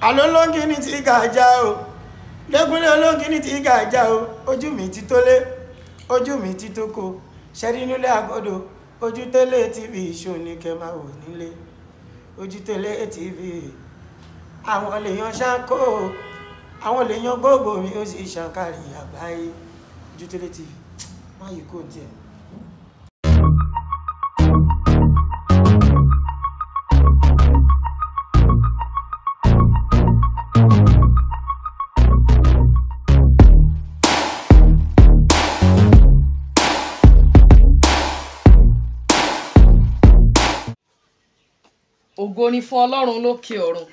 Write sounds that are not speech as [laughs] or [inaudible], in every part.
àlólóńgì ní ti gàjà o lẹ́gúnlé olóńgì ní ti gàjà o ojú mi ti tólé ojú mi ti tóko ṣẹ́rí nílé àgọ́dọ̀ ojú télé tv ìṣòní kẹ́ máa wò nílé ojú télé tv àwọn lèèyàn ṣáńkó àwọn lèèyàn gbogbo mi ó sì ṣàǹkàrí àgbáyé ojú télé tv má yìí kò tiẹ̀. ògo ni fún ọlọ́run lókè ọ̀run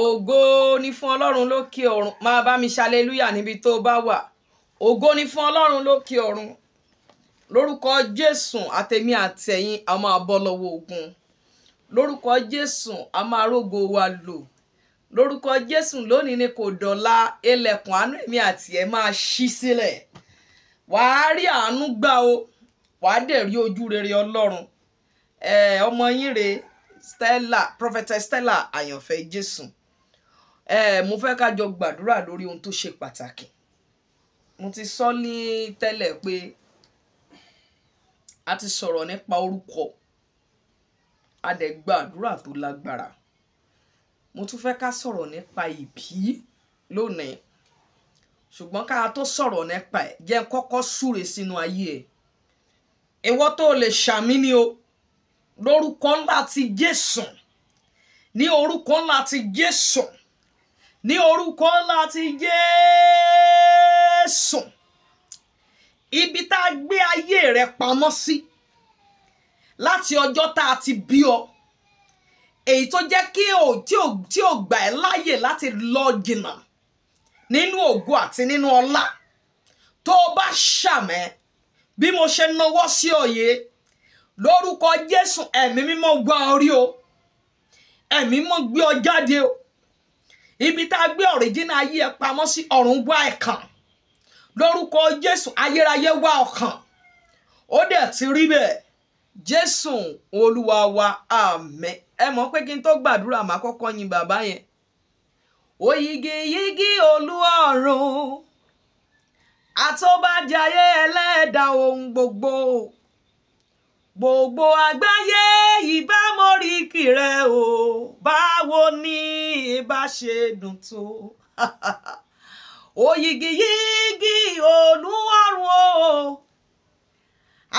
ògo ni fún ọlọ́run lókè ọ̀run máa bá mi ṣàlélúyà níbi tó bá wà ògo ni fún ọlọ́run lókè ọ̀run lórúkọ jésù àtẹ̀mí àtẹ̀yìn a máa bọ́ lọ́wọ́ ogun lórúkọ jésù a máa rógo wa lò lórúkọ jésù lónìí ni kò dọ̀la ẹlẹ́kùn àánú èmi àti ẹ̀ máa ṣí sílẹ̀ wàá rí àánú gbà o wàá dẹ̀ rí ojú rere ọlọ́run ọmọ yín re Stella prophetess Stella àyànfẹ́ Jésù mo fẹ́ ká jọ gbàdúrà lórí ohun tó ṣe pàtàkì mo ti sọ ní tẹ́lẹ̀ pé a ti sọ̀rọ̀ nípa orúkọ a dẹ̀ gbàdúrà tó lágbára mo tún fẹ́ ká sọ̀rọ̀ nípa ìbí lónìí ṣùgbọ́n ká tó sọ̀rọ̀ nípa ẹ̀ jẹ́ kọ́kọ́ súre sínú ayé ẹ̀ ìwọ tó lè ṣàmì ni o lórúkọ ńlá ti Jésù ní orúkọ ńlá ti Jésù ní orúkọ ńlá ti Jésù ibi tá a gbé ayé rẹ pamọ́ sí láti ọjọ́ tá a ti bí ọ èyí tó jẹ́ kí o tí o tí o gbà ẹ́ láàyè láti lọ jìnnà nínú ògo àti nínú ọlá tó o bá ṣàmẹ́ bí mo ṣe nawọ́ sí òye. Si lórúkọ jésù ẹ̀mí mímọ́ gbá orí o ẹ̀mí mímọ́ gbé ọ jáde o ibi tá a gbé ọ̀ríjìnà ayé ẹ pamọ́ sí ọ̀run wá ẹ̀ kàn lórúkọ jésù ayérayé wá ọkàn ó dẹ̀ ti rí bẹ́ẹ̀ jésù olúwa wa àmín ẹ mọ̀ pé kí n tó gbàdúrà màá kọ́kọ́ yin bàbá yẹn òyìgì yìgì olúwa ọ̀run àtọ́bàjáyé ẹlẹ́ẹ̀dá ohun gbogbo gbogbo àgbáyé ìbámoríkì rẹ o báwo ni ìbá ṣe dùn tó [laughs] òyìgì yìgì olúwarùn o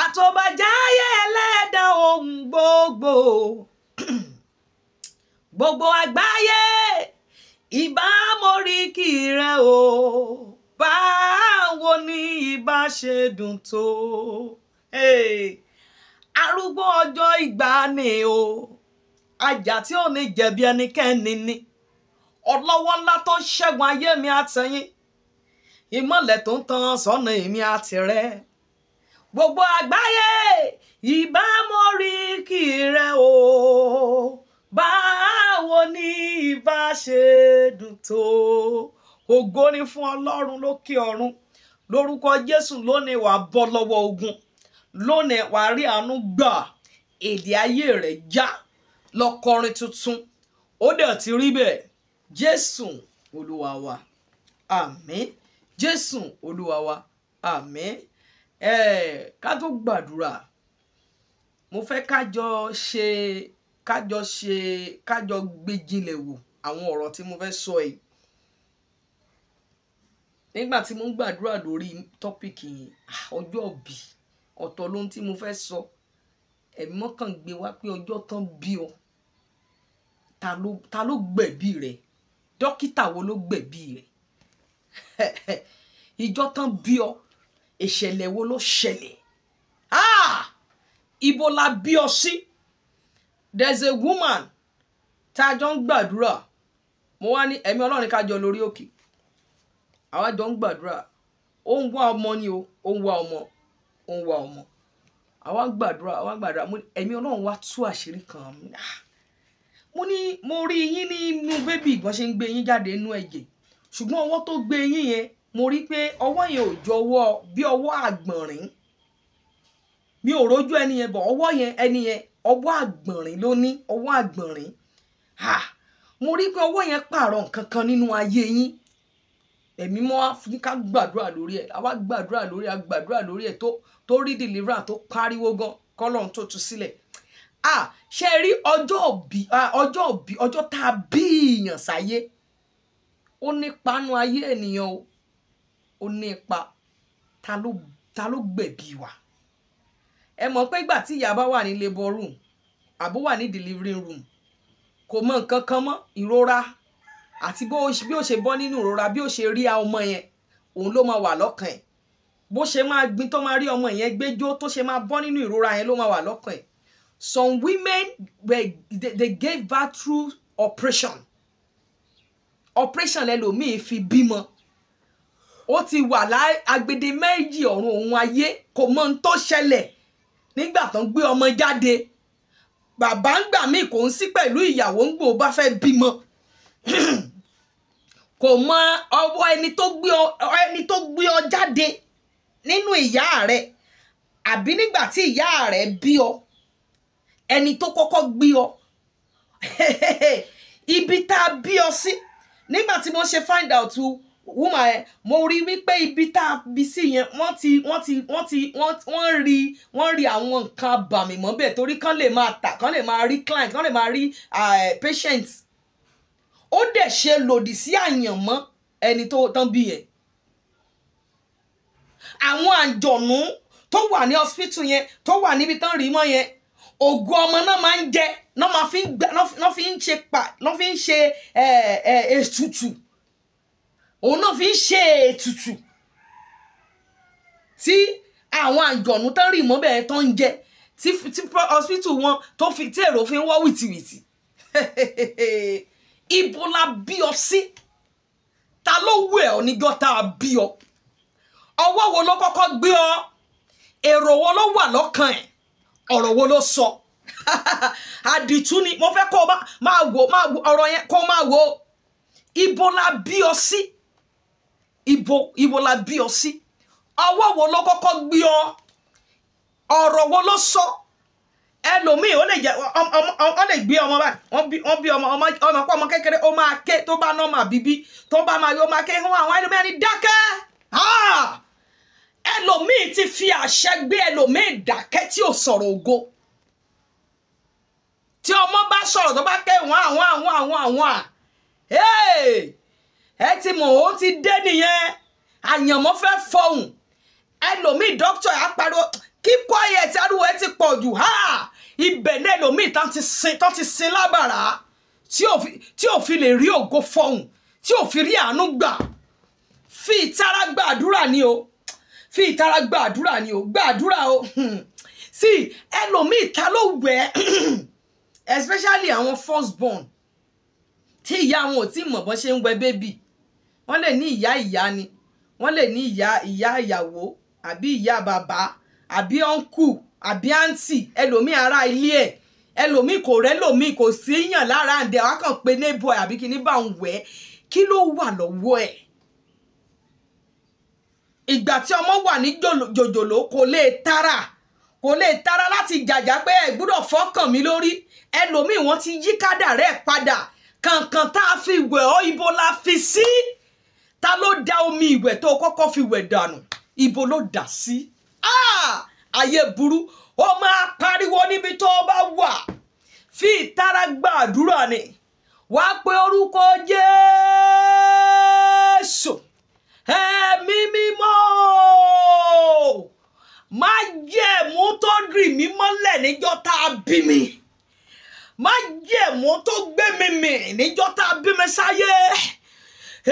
àtòbàjáyé ẹlẹ́dà ohun gbogbo [clears throat] gbogbo àgbáyé ìbámoríkì rẹ o báwo ni ìbá ṣe dùn tó. Hey arúgbó ọjọ́ ìgbàanì o ajá tí ò ní jẹ̀bi ẹnikẹ́ni ni ọlọ́wọ́ ńlá tó ṣẹ́gun ayé mi àtẹ̀yìn ìmọ̀lẹ̀ tó ń tan sọ́nà èmi àtìrẹ́ gbogbo àgbáyé ìbámorí kì í rẹ o báwo ni ìbá ṣe dùn tó ògo ni fún ọlọ́run lókè ọ̀run lórúkọ jésù lónìí wàá bọ́ lọ́wọ́ ogun lónìí wàá rí àánú gbà èdè ayé rẹ̀ já lọ́kọrin tuntun ó dẹ̀ ti rí bẹ́ẹ̀ jésù olúwa wa àmín jésù olúwa wa àmín ẹ ká tó gbàdúrà mo fẹ́ kájọ ṣe kájọ ṣe kájọ gbé jinlẹ̀ wò àwọn ọ̀rọ̀ tí mo fẹ́ sọ yìí nígbà tí mo ń gbàdúrà lórí tọ́pìkì ah, ọjọ́ bíi ọ̀tọ̀ lohun tí mo fẹ́ sọ ẹ̀mí mọ́kàn gbé wá pé ọjọ́ tán bí ọ ta ló gbẹ̀bí rẹ̀ dókítà wo ló gbẹ̀bí rẹ̀ ìjọ [laughs] tán bí ọ ìṣẹ̀lẹ̀ wo ló ṣẹlẹ̀ ah ibo la bí ọ sí there's a woman tá a jọ ń gbàdúrà mo wá ní ẹ̀mí ọlọ́run ká jọ lórí òkè àwa jọ ń gbàdúrà ó ń wá ọmọ ni o ó ń wá ọmọ ó wa ọmọ àwa gbàdúrà àwa gbàdúrà ẹ̀mí ọlọ́run wá tú àṣírí kan mo ní ah. mo rí yín nínú bébì bọ́n ṣe ń gbé yín jáde nínú ẹ̀jẹ̀ ṣùgbọ́n ọwọ́ tó gbé yín yẹn mo rí pé ọwọ́ yẹn ò jọ ọwọ́ bí ọwọ́ àgbọ̀nrín mi ò rójú ẹni yẹn bọ̀ ọwọ́ yẹn ẹni yẹn ọwọ́ àgbọ̀nrín ló ní ọwọ́ àgbọ̀nrín mo rí pé ọwọ́ yẹn pààrọ̀ nǹkan kan nínú ayé yín ẹ̀mí mọ́ ní ká gbàdúrà lórí ẹ̀ àwa gbàdúrà lórí ẹ̀ gbàdúrà lórí ẹ̀ tó rí deliverance tó pariwo gan kọ́lọ́run tó tu sílẹ̀ ah ṣe rí ọjọ́ òbí ọjọ́ òbí ọjọ́ tá a bí ìyàn sáyé ó nípa nu ayé ènìyàn o ó ní ipa ta ló gbẹ̀bí wa ẹ mọ̀ pé ìgbà tí ìyá bá wà ní labour room àbó wà ní delivery room kò mọ nǹkan kan mọ́ ìrora àti bí ó ṣe bọ́ nínú ìrora bí ó ṣe rí ọmọ yẹn òun ló máa wà lọ́kàn ẹ̀ bó ṣe máa gbin tó máa rí ọmọ yẹn gbẹjọ tó ṣe máa bọ́ nínú ìrora yẹn ló máa wà lọ́kàn ẹ̀ some women were they, they gave birth through operation operation lẹlòmíì fi bímọ ó ti wà láì agbede méjì ọ̀run òun ayé kò mọ ohun tó ṣẹlẹ̀ nígbà tó ń gbé ọmọ jáde bàbá ń gbà míì kò ń sí pẹ̀lú ìyàwó ń gbò bá fẹ́ bímọ kò mọ ọwọ́ ẹni tó gbé ọ ẹni tó gbé ọ jáde nínú ìyá rẹ àbí nígbà tí ìyá rẹ bí ọ ẹni tó kọ́kọ́ gbé ọ [laughs] ibi tá a bí ọ sí nígbà tí mo ṣe find out woman ẹ mo rí wípé ibi tá a bí sí yẹn wọ́n ti wọ́n ti wọ́n ti wọ́n rí wọ́n rí àwọn nǹkan abàmì mọ́bẹ̀ torí kán lè máa tà kán lè máa rí client kán lè máa rí eh, patients ó dẹ̀ ṣe lòdì sí àyànmọ́ ẹni tó tán bí ẹ̀ àwọn àjọ̀nú tó wà ní hospital yẹn tó wà níbi tán rí mọ́ yẹn ògo ọmọ náà máa ń jẹ náà fi ń ṣe pa náà fi ń ṣe ètùtù òun náà fi ń ṣe ètùtù tí àwọn àjọ̀nú tán rí mọ́ bẹ́ẹ̀ tán ń jẹ tí hospital wọn tó fi tí èrò fi ń wọ́ wìtìwìtì [laughs] ibo la bí ọ sí ta ló wù ẹ́ ọ níjọ́ tá a bí ọ ọwọ́ wo ló kọ́kọ́ gbé ọ èrò wo ló wà lọ́kàn ẹ̀ ọ̀rọ̀ wo ló sọ [laughs] àdìtú ni mo fẹ́ kó o máa wò máa wò ọ̀rọ̀ yẹn kó o máa wò ibo la bí ọ sí ibo ibo la bí ọ sí ọwọ́ wo ló kọ́kọ́ gbé ọ ọ̀rọ̀ wo ló sọ. So ẹlòmíì ó lè jẹ ọ lè gbé ọmọ báyìí wọ́n bí ọmọ ọmọ pọ ọmọ kékeré ó máa ké tó bá nọmà bíbí tó bá máa yọ máa ké hún àwọn ẹlòmíì ẹni dákẹ́ ẹlòmíì ti fi àṣẹ gbé ẹlòmíì dákẹ́ tí ò sọ̀rọ̀ ògo tí ọmọ bá sọ̀rọ̀ tó bá ké wọn àwọn àwọn àwọn àwọn à ẹ ti mọ̀ ó ti dé nìyẹn àyànmọ́ fẹ́ fọhùn ẹlòmíì dókítà yà pariwo keep quiet ariwo ẹ ti pọ̀ jù ha ibẹ̀ lẹ́lòmíì tán ti sin tán ti sin lábàrá tí ò fi lè rí ògo fọhùn tí ò fi rí àánú gbà fi ìtara gba àdúrà ni o fi ìtara gba àdúrà ni o gba àdúrà o sí [laughs] ẹlòmíì ta ló wẹ̀ [clears throat] especially àwọn first born tí ìyá wọn ò tí mọ̀ bọ́n ṣe ń wẹ̀ bébì wọ́n lè ní ìyá ìyá ni wọ́n lè ní ìyá ìyá ìyàwó àbí ìyá bàbá àbí uncle àbí àǹtì ẹlòmíì ará ilé ẹ̀ ẹlòmíì kò rẹ́lòmíì kò sí yàn lára ǹdẹ̀ wá kàn pé neighbor àbí kí ní bá ń wẹ̀ kí ló wà lọ́wọ́ ẹ̀ ìgbà tí ọmọ wà ní jòjòló kò lè tara kò lè tara láti jàjà pé ẹ gbúdọ̀ fọ́kàn mi lórí ẹlòmíì wọ́n ti yí kádà rẹ̀ padà kankan tá a fi wẹ̀ ọ́ ibo la fi sí ta ló da omi ìwẹ̀ tó kọ́kọ́ fi wẹ̀ dànù ibo ló dà sí. Ah! ayé burú ó máa pariwo níbi tó bá wà fi ìtara gba àdúrà ni wá pe orúkọ Jésù ẹ̀mí mímọ́ má jẹ̀mú tó rì mí mọ́lẹ̀ níjọ́ tá a bí mi má jẹ̀mú tó gbé mi mì níjọ́ tá a bí mi sáyé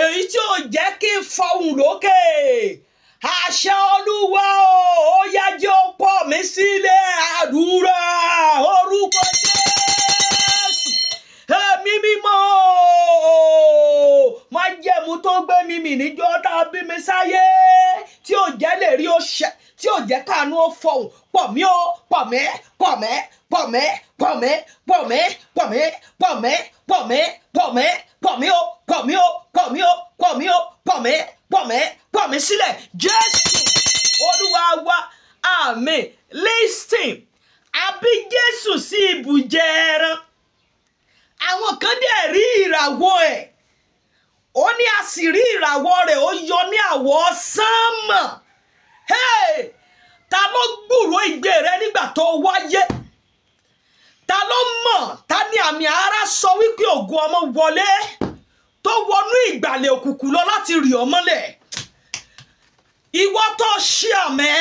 èyí tí ò jẹ́ kí n fọhùn lókè. Okay àṣẹ olúwa o ó yá jẹ́ ó pọ̀ mí sílẹ̀ àdúrà orúkọ jésù ẹ̀mí mímọ́ máa jẹ̀mú tó gbé mi mì níjọ́ tá a bí mi sáyé tí ò jẹ́ lè rí ó ṣẹ tí ò jẹ́ káàánú ó fọhùn pọ̀ mí ó pọ̀ mí pọ̀ mí pọ̀ mí pọ̀ mí pọ̀ mí pọ̀ mí pọ̀ mí pọ̀ mí pọ̀ mí pọ̀ mí o pọ̀ mí o pọ̀ mí o pọ̀ mí o pọ̀ mí pọ̀ mí pọ̀ mí sílẹ̀ jésù olúwa wa àmín listen àbí jésù sí ibùjẹ ẹran àwọn kan dẹ̀ rí ìràwọ̀ ẹ̀ ó ní a sì rí ìràwọ̀ rẹ̀ ó yọ ní àwọ̀ sánmọ̀ ta ló gbúròó ìgbé rẹ nígbà tó wáyé. Hey! ta ló mọ̀ ta ni àmì ara sọ wípé ògùn ọmọ wọlé tó wọnú ìgbàlẹ̀ òkùnkùn lọ láti rì ọ́ mọ́lẹ̀ ìwọ tó ṣí àmẹ́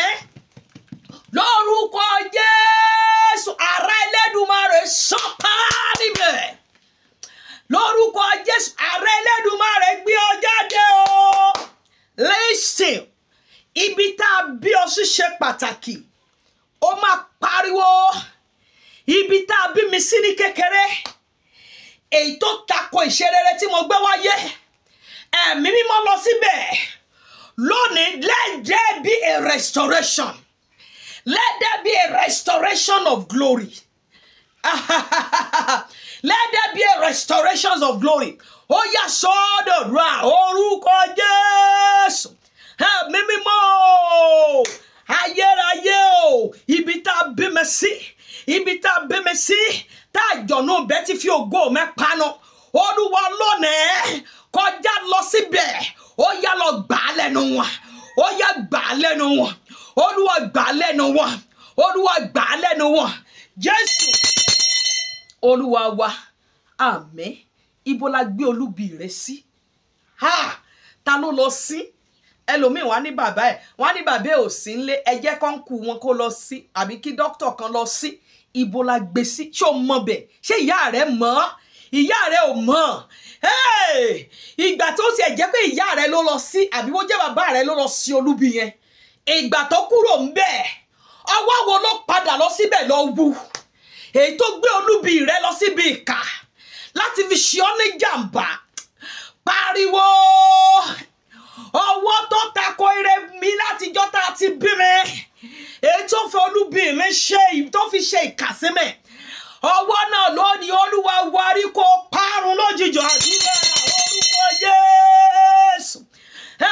lórúkọ Jésù ara Ẹlẹ́dùmarè sọ́pá níbẹ̀ lórúkọ Jésù ara Ẹlẹ́dùmarè gbé ọ jáde o lẹ́sìn ibi tá a bí ọ sí ṣe pàtàkì ó máa pariwo ibi tá a bí mi sí ní kékeré èyí tó tako ìṣerere tí mo gbé wáyé ẹ̀mí mímọ́ lọ síbẹ̀ lónìí let there be a restoration let there be a restoration of glory [laughs] let there be a restoration of glory ó yà sọ́dọ̀dúrà orúkọ Jésù ẹ̀mí mímọ́ ayérayé o ibi tá a bí mi sí. Si ibi tá a bẹ́mi sí tá a jọ̀nù bẹ́ẹ̀ ti fi ògo mẹ́ panu olúwa lónìí kọjá lọ síbẹ̀ ó yá lọ gbà á lẹ́nu wọn ó yá gbà á lẹ́nu wọn olúwa gbà á lẹ́nu wọn olúwa gbà á lẹ́nu wọn jésù olúwa wa àmín ibo la gbé olúbi rẹ sí ha ta ló lọ sí. Si? ẹlòmíì wọn á ní bàbá ẹ wọn á ní bàbá ẹ ò sí nílé ẹjẹ kan kú wọn kó lọ sí àbí kí dókítà kan lọ sí ibo la gbé sí ṣé o mọ bẹ ṣé ìyá rẹ mọ ìyá rẹ ò mọ ìgbà tó tiẹ̀ jẹ́ pé ìyá rẹ ló lọ sí àbí wọ́n jẹ́ bàbá rẹ ló lọ sí olúbi yẹn ìgbà tó kúrò ń bẹ̀ ọwọ́ wo ló padà lọ síbẹ̀ lọ wú èyí tó gbé olúbi rẹ lọ síbi ìkà láti fi ṣe ọ́ ní jàǹbá pariwo ọwọ́ tó tako ire mi látijọ́ tá a ti bí mi èyí tó fi olúbi mi ṣe tó fi ṣe ìkàsímẹ̀ ọwọ́ náà lónìí olúwa warí kó parun lójijì àdúrà orúkọ Jésù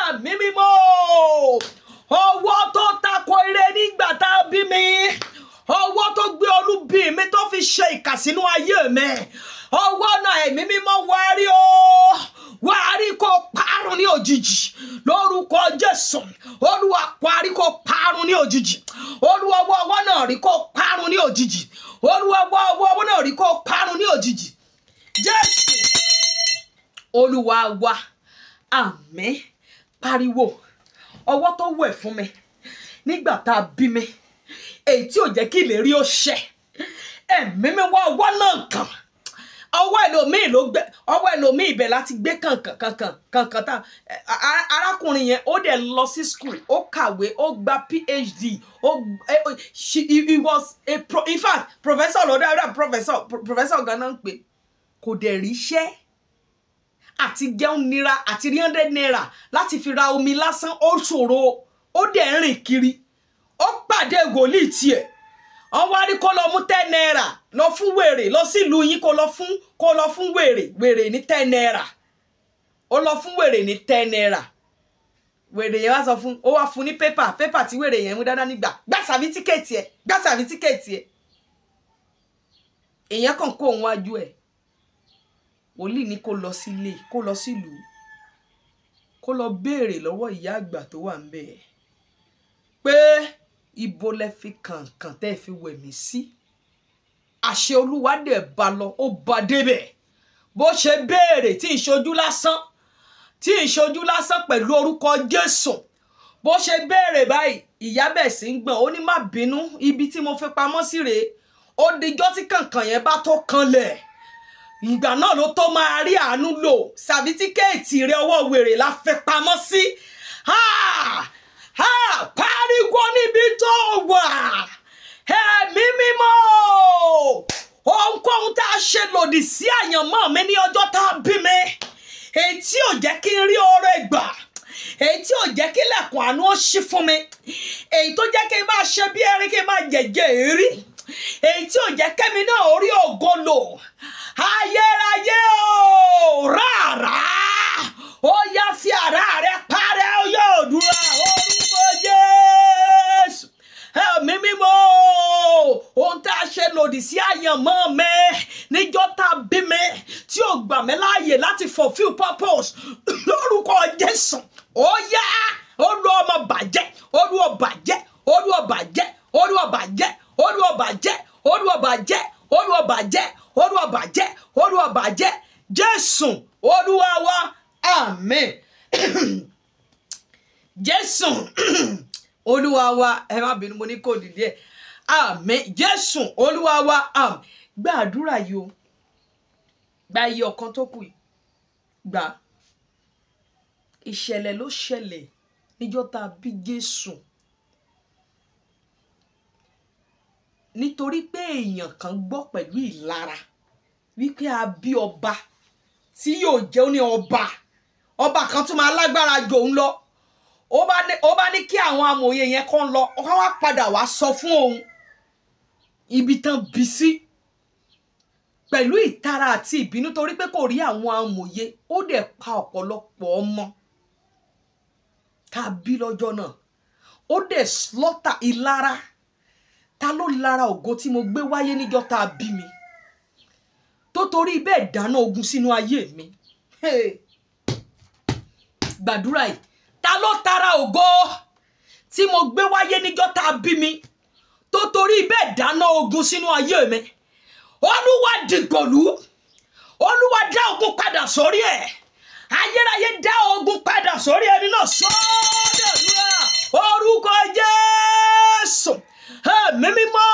ẹ̀mí mímọ́ ọwọ́ tó tako ire nígbà tá a bí mi ọwọ́ tó gbé olúbi mi tó fi ṣe ìkàsínú ayé mi ọwọ́ náà ẹ̀mí mímọ́ warí o. òjijì olúwa ọwọ́ ọwọ́ náà rí kó parun ní òjijì olúwa ọwọ́ ọwọ́ ọwọ́ náà rí kó parun ní òjijì jésù olúwa wa àmín pariwo ọwọ́ tó wẹ̀ fún mi nígbà tá a bí mi èyí tí ò jẹ́ kí ìlérí ó ṣẹ ẹ̀mí mi wá ọwọ́ náà kàn ọwọ́ ẹlòmíì ló gbẹ ọwọ́ ẹlòmíì ibẹ̀ láti gbé kankan kankan kankan tá arákùnrin yẹn ó dẹ̀ lọ sí school ó kàwé ó gba phd ó she he was a pro in fact professor lọ́dọ̀ ẹ̀rọ professor professor ganan ń pè kò dẹ̀ ríṣẹ́ àti jẹun nira àti three hundred naira láti fi ra omi lásán ó ṣòro ó dẹ̀ rìn kiri ó pàdé wòlíì tiẹ̀ On wá rí kó lọ mú ten naira lọ fún wèrè lọ sílùú yín kó lọ fún kó lọ fún wèrè wèrè ní ten naira ó lọ fún wèrè ní ten naira wèrè yẹn wá sọ fún ni wá fún ní pépà pépà tí wèrè yẹn mú dáadáa nígbà gbà sàfítíkẹ̀tì ẹ̀ gbà sàfítíkẹ̀tì ẹ̀ èèyàn kàn kó òun wájú ẹ̀ wòlíì ní kó lọ sílé kó lọ sílùú kó lọ béèrè lọ́wọ́ ìyá àgbà tó wà ń bẹ̀ pé. Pe ibo lẹ fi kàǹkàn tẹ́ fi wẹ̀ mí sí àṣẹ olúwa dẹ̀ bá lọ ó bá débẹ̀ bó ṣe béèrè tí ì ṣojú lásán tí ì ṣojú lásán pẹ̀lú orúkọ jésù bó ṣe béèrè báyìí ìyá bẹ̀ sí ń gbọ̀n ó ní má bínú ibi tí mo fi pamọ́ sí rèé ó dijọ́ tí kàǹkàn yẹn bá tó kanlẹ̀ ìgbà náà ló tó máa rí àánú lò sàbítíkẹ́ẹ̀tì rẹ ọwọ́ wèrè la fẹ́ pamọ́ sí pariwo níbi tó wà ẹ̀mí mímọ́ ohunkóhun tá a ṣe lòdì sí àyànmọ́ mi ní ọjọ́ tá a bí mi èyí tí ò jẹ́ kí n rí oore gbà èyí tí ò jẹ́ kí lẹ̀kùn àánú ó ṣí fún mi èyí tó jẹ́ kí n máa ṣe bí erin kí n máa jẹ̀jẹ̀ èrí èyí tí ò jẹ́ kẹ́mi náà orí ògo lò ayérayé o rárá ó yá fi ara rẹ parẹ́ ó yóò dúró o ẹ̀mí mímọ́ ohun tá a ṣe lòdì sí àyànmọ́ mi níjọ́ tá a bí mi tí ò gbà mí láàyè láti fulfil purpose lórúkọ Jésù ó yá olú ọmọ bàjẹ́ olú ọbàjẹ́ olú ọbàjẹ́ olú ọbàjẹ́ olú ọbàjẹ́ olú ọbàjẹ́ olú ọbàjẹ́ olú ọbàjẹ́ olú ọbàjẹ́ Jésù Olúwa wa àmín [clears throat] Jésù. [clears throat] olúwa wa ẹ má bínú mo ní kò dìde ẹ àmín jésù olúwa wa àmín gba àdúrà yìí o gba iye ọ̀kan tó kù yìí gbà ìṣẹ̀lẹ̀ ló ṣẹlẹ̀ níjọ́ tá a bí jésù nítorí pé èèyàn kan gbọ́ pẹ̀lú ìlara wípé a bí ọba tí yóò jẹ́ ó ní ọba ọba kan tún máa lágbára jò ń lọ ó bá ní kí àwọn amòye yẹn kàn lọ ó wá padà wá sọ fún òun ibi tán bí sí pẹ̀lú ìtara àti ìbínú torí pé kò rí àwọn amòye ó dẹ̀ pa ọ̀pọ̀lọpọ̀ ọmọ tá a bí lọ́jọ́ náà ó dẹ̀ slọ́tà ìlara ta ló lara ògo tí mo gbé wáyé níjọ́ tá a bí mi tó torí bẹ́ẹ̀ dáná ogun sínú ayé mi gbàdúrà yìí ta ló tara ògo tí mo gbé wáyé níjọ́ tá a bí mi tó torí bẹ́ẹ̀ dáná ogun sínú ayé mi olúwa dìgbòlú olúwa dá ogun padà sórí ẹ̀ ayérayé dá ogun padà sórí ẹni náà sọ́dọ̀lúwà orúkọ jésù ẹ̀mí mímọ́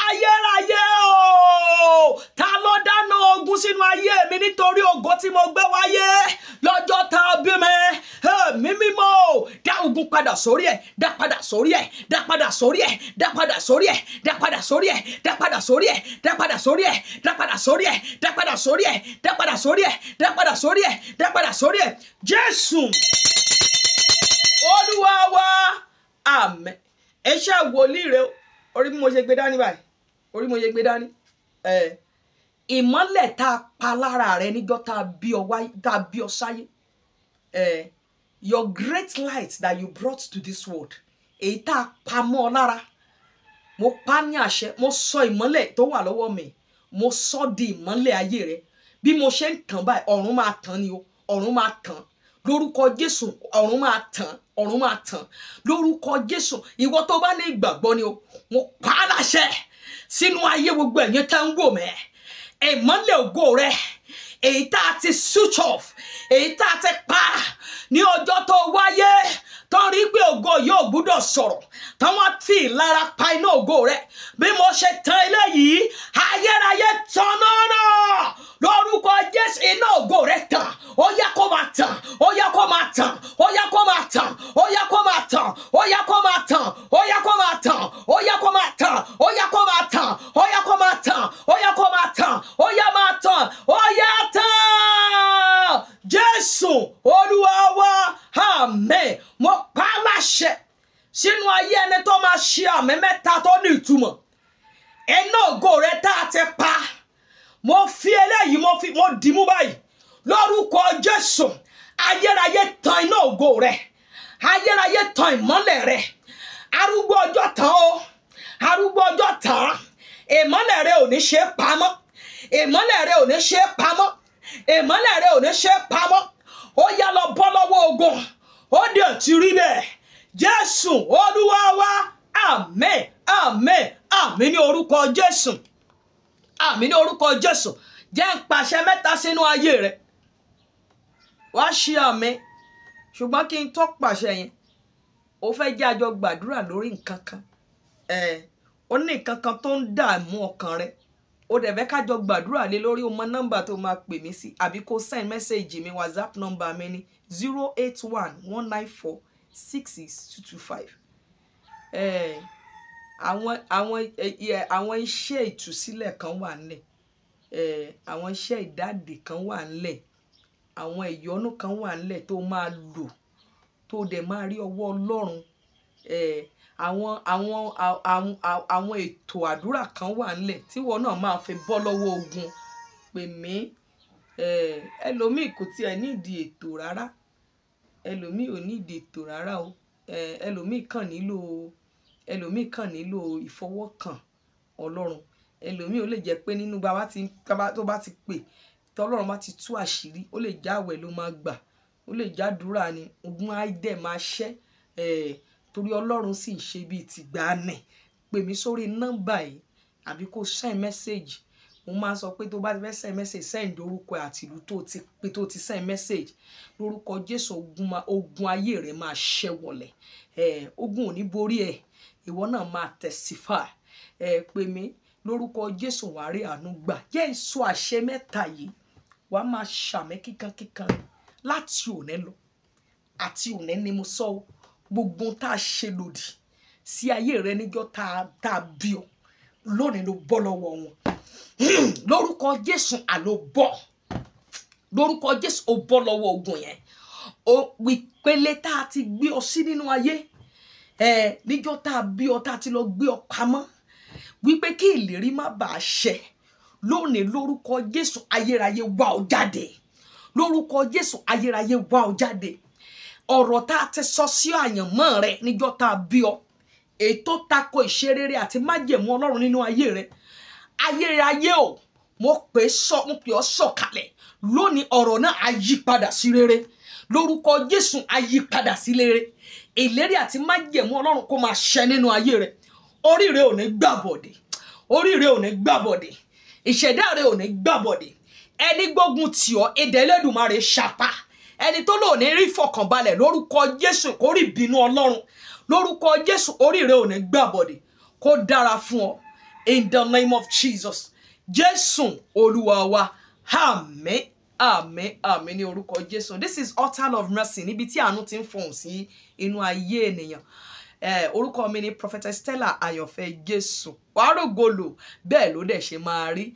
ayérayé o sínú ayé mi nítorí ògo tí mo gbé wáyé lọ́jọ́ tá a bí mi ẹ̀mí mímọ́ dá ogun padà sórí ẹ̀ dá padà sórí ẹ̀ dá padà sórí ẹ̀ dá padà sórí ẹ̀ dá padà sórí ẹ̀ dá padà sórí ẹ̀ dá padà sórí ẹ̀ dá padà sórí ẹ̀ dá padà sórí ẹ̀ dá padà sórí ẹ̀ dá padà sórí ẹ̀ dá padà sórí ẹ̀ Jésù Olúwa wa àmín ẹ ṣáà wòlíì rẹ orí mo ṣe gbé dání báyìí orí mo ṣe gbé dání ẹ. Eh ìmọ́lẹ̀ tá a pa lára rẹ níjọ́ tá a bí ọ wáyé tá a bí ọ sáyé your great light that you brought to this world èyí tá a pa mọ́ ọ lára mo pa ní àṣẹ mo sọ ìmọ́lẹ̀ tó wà lọ́wọ́ mi mo sọ di ìmọ́lẹ̀ ayé rẹ bí mo ṣe ń tàn báyìí ọ̀run máa tàn ni o ọ̀run máa tàn lórúkọ jésù ọ̀run máa tàn ọ̀run máa tàn lórúkọ jésù ìwọ tó bá ní ìgbàgbọ́ ni o mo pa á láṣẹ sínú ayé gbogbo ẹ̀yin tá ń wò mẹ́ẹ̀ ìmọ́lẹ̀ ògo rẹ èyí tá a ti switch off èyí tá a ti pa ní ọjọ́ tó wáyé tán rí pé ògo yóò gbúdọ̀ sọ̀rọ̀ tán wọ́n fi ìlara pa iná ògo rẹ̀ bí mo ṣe tan eléyìí ayérayé tan náà náà lórúkọ jésù iná ògo rẹ̀ tàn ó yá kó máa tàn ó yá kó máa tàn ó yá kó máa tàn ó yá kó máa tàn ó yá kó máa tàn ó yá kó máa tàn ó yá kó máa tàn ó yá kó máa tàn ó yá kó máa tàn ó yá kó máa tàn ó yá máa tàn ìtumọ̀ ẹná ògo rẹ tá a ti pa mo fi eléyìí mo fi mo dì mú báyìí lórúkọ jésù ayérayé tan iná ògo rẹ ayérayé tan ìmọ́lẹ̀ rẹ arúgbó ọjọ́ tán o arúgbó ọjọ́ tán ìmọ́lẹ̀ rẹ ò ní ṣe pamọ́ ìmọ́lẹ̀ rẹ ò ní ṣe pamọ́ ìmọ́lẹ̀ rẹ ò ní ṣe pamọ́ ó yá lọ bọ́ lọ́wọ́ ogun ó dẹ̀ ti rí bẹ́ẹ̀ jésù olúwa wa amen. Amen. àmín ní orúkọ jésù àmín ní orúkọ jésù jẹ́ ń pàṣẹ mẹ́ta sínú ayé rẹ wá ṣe àmín ṣùgbọ́n kí n tó pàṣẹ yẹn ó fẹ́ jẹ́ àjọ gbàdúrà lórí nǹkan kan ẹ̀ ó ní nǹkan kan tó ń dààmú ọkàn rẹ ó dẹ̀ fẹ́ kájọ gbàdúrà lé lórí o mọ nọ́mbà tó máa pè mí sí àbí kó send message mi whatsapp nọ́mbà mi ní zero eight one one nine four six six two two five àwọn àwọn àwọn iṣẹ́ ìtúsílẹ̀ kan wà nílẹ̀ àwọn iṣẹ́ ìdáǹdè kan wà nílẹ̀ àwọn ìyọnú kan wà nílẹ̀ tó máa lò tó dẹ̀ máa rí ọwọ́ Ọlọ́run àwọn àwọn àwọn ètò àdúrà kan wà nílẹ̀ tíwọ náà máa fi bọ́ lọ́wọ́ ogun pè mí ẹlòmíì kò tiẹ̀ nídìí ètò rárá ẹlòmíì ò nídìí ètò rárá o ẹlòmíì kàn nílò ẹlòmíì kàn nílò ìfọwọ́kàn ọlọ́run ẹlòmíì ó lè jẹ́ pé nínú bá tó bá ti pè tọ́lọ́run bá ti tú àṣírí ó lè já àwẹ̀ ló máa gbà ó lè já àdúrà ni ogun àìdẹ̀ máa ṣẹ́ torí ọlọ́run sì ń ṣe bíi tìgbà nì pè mí sórí nọ́mbà yìí àbí kó send message mo máa sọ pé tó bá ti fẹ́ send message send orúkọ àti ìlú tó ti pé tó ti send message lórúkọ jésù ogun ayé rẹ̀ máa ṣẹ́ wọlẹ̀ ogun ò ní borí ẹ̀ ìwọ náà máa testify ẹ pè mí lórúkọ Jésù wàá rí àánú gbà yẹ ìsọ àṣẹ mẹ́ta yìí wàá máa ṣàmẹ kíkankíkan láti òní lọ àti òní ni mo sọ gbogbo tá a ṣe lòdì sí ayé rẹ níjọ́ tá a bí ọ lónìí ló bọ́ lọ́wọ́ wọn [clears throat] lórúkọ Jésù àló bọ́ lórúkọ Jésù ó bọ́ lọ́wọ́ ogun yẹn ìpele tá a ti gbé ọ sí nínú ayé ẹ níjọ́ tá a bí ọ tá a ti lọ gbé ọ pamọ́ wípé kí ìlérí má bàa ṣẹ lónìí lórúkọ Jésù ayérayé wá ọ jáde lórúkọ Jésù ayérayé wá ọ jáde ọ̀rọ̀ tá a ti sọ sí àyànmọ́ rẹ níjọ́ tá a bí ọ ètò tako ìṣerere àti májẹ̀mú Ọlọ́run nínú ayé rẹ ayérayé o mo pè é sọ mo pè ọ sọ̀kalẹ̀ lónìí ọ̀rọ̀ náà á yí padà sí rere lórúkọ jésù àyípadà sí lere ìlérí àti májẹ̀mú ọlọ́run kó máa ṣẹ nínú ayé rẹ orí rẹ ò ní gbàbọ̀dé orí rẹ ò ní gbàbọ̀dé ìṣẹ̀dá rẹ ò ní gbàbọ̀dé ẹni gbógun tì ọ́ ìdẹ́lẹ́dùmarè ṣapá ẹni tó lò ní rí fọkànbalẹ̀ lórúkọ jésù kó rí ìbínú ọlọ́run lórúkọ jésù orí rẹ ò ní gbàbọ̀dé kó dára fún ọ in the name of jesus jésù olúwa wa amen àmín àmín ní orúkọ jésù this is altar of mercy níbi tí àánú ti ń fọhùn sí inú ayé ènìyàn orúkọ mi ni prophetess Stella Ayọ̀fẹ́ Jésù wàrógolo bẹ́ẹ̀ ló dẹ̀ ṣe máa rí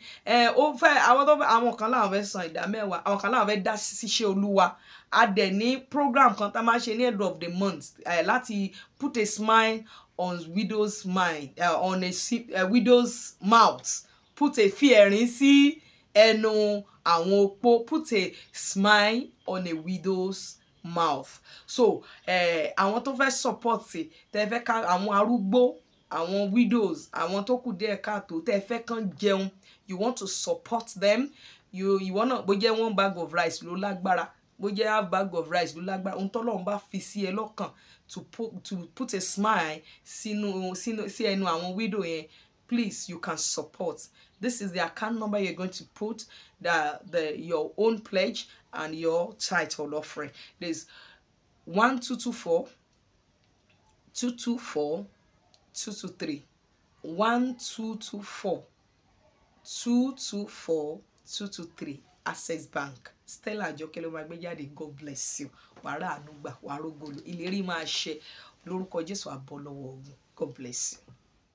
ó fẹ́ àwọn tó fẹ́ àwọn kan láwọn fẹ́ san ìdá mẹ́wàá àwọn kan láwọn fẹ́ dá ṣiṣẹ́ olúwa a dẹ̀ ní program kan tá a máa ṣe ní end of the month uh, láti put a smile on widow's mind uh, on a widow's mouth put a fi ẹ̀rín sí. Si, ẹnu àwọn opó put a smile on a widow's mouth so àwọn tó fẹ́ support tẹ́ fẹ́ ká àwọn arúgbó àwọn widows àwọn tó kù díẹ̀ káàtó tẹ́ fẹ́ kàn jẹun you want to support them you ìwọ náà bó jẹ́ one bag of rice ló lágbára bó jẹ́ half bag of rice ló lágbára ohun tọ́lọ́run bá fi sí ẹ lọ́kàn to put, to put a smile sínú sínú sí ẹnu àwọn widow yẹn please you can support this is the account number you're going to put the the your own pledge and your title offering there's 1224 224 223 1224 224 223 access bank stella àjọkẹ́ ló god bless you wàrà àánú gbà wàrógolo ìlérí máa ṣe lórúkọ jésù àbọ̀ god bless you.